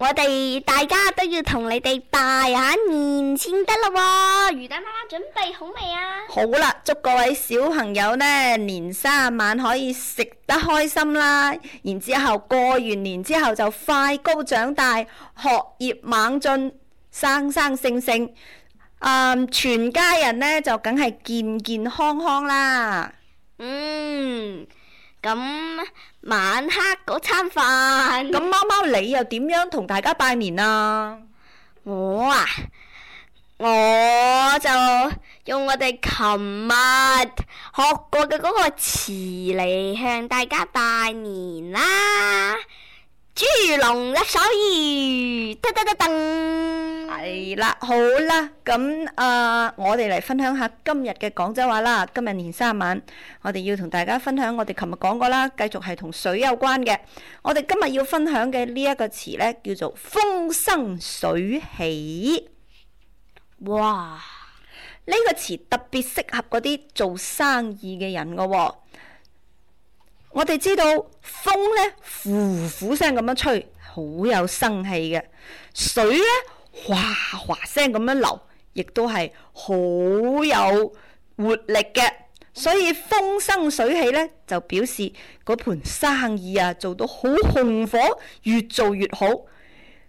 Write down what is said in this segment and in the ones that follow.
我哋大家都要同你哋拜下年先得咯，魚蛋媽媽準備好未啊？好啦，祝各位小朋友呢年三晚可以食得開心啦，然之後過完年之後就快高長大，學業猛進，生生性性。啊、嗯，全家人呢就梗係健健康康啦。嗯。咁晚黑嗰餐飯咁，貓貓你又點樣同大家拜年啊？我啊，我就用我哋琴日學過嘅嗰個詞嚟向大家拜年啦、啊！豬籠入水，噔噔噔噔。係啦，好啦，咁啊、呃，我哋嚟分享下今日嘅廣州話啦。今日年卅晚，我哋要同大家分享我哋琴日講過啦，繼續係同水有關嘅。我哋今日要分享嘅呢一個詞呢，叫做風生水起。哇！呢個詞特別適合嗰啲做生意嘅人噶喎。我哋知道風呢，呼呼聲咁樣吹，好有生氣嘅；水呢。嘩嘩聲咁樣流，亦都係好有活力嘅，所以風生水起呢，就表示嗰盤生意啊做到好紅火，越做越好。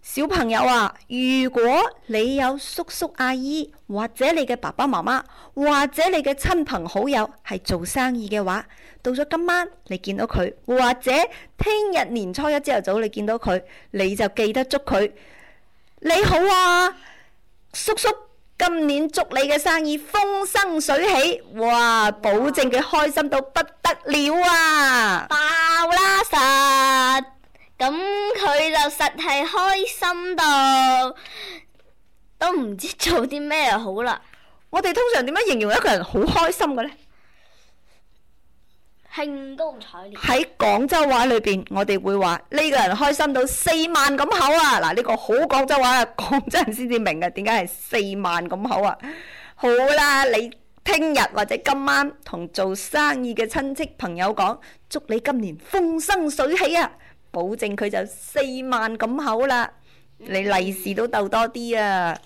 小朋友啊，如果你有叔叔阿姨，或者你嘅爸爸媽媽，或者你嘅親朋好友係做生意嘅話，到咗今晚你見到佢，或者聽日年初一朝頭早你見到佢，你就記得祝佢。你好啊，叔叔，今年祝你嘅生意風生水起，哇！保證佢開心到不得了啊！爆啦實，咁佢就實係開心到，都唔知做啲咩好啦。我哋通常點樣形容一個人好開心嘅呢？興高采烈喺廣州話裏邊，我哋會話呢個人開心到四萬咁口啊！嗱，呢個好廣州話啊，廣州人先至明㗎。點解係四萬咁口啊？好啦，你聽日或者今晚同做生意嘅親戚朋友講，祝你今年風生水起啊！保證佢就四萬咁口啦，你利是都鬥多啲啊！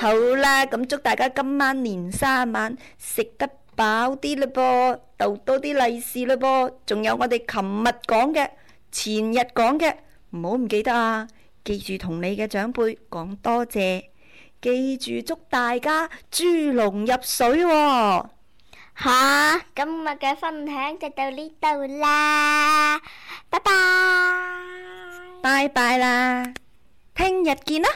好啦，咁祝大家今晚年卅晚食得。飽啲嘞噃，度多啲利是嘞噃，仲有我哋琴日講嘅，前日講嘅，唔好唔記得啊，記住同你嘅長輩講多謝，記住祝大家豬籠入水喎，吓，今日嘅分享就到呢度啦，拜拜，拜拜啦，聽日見啦。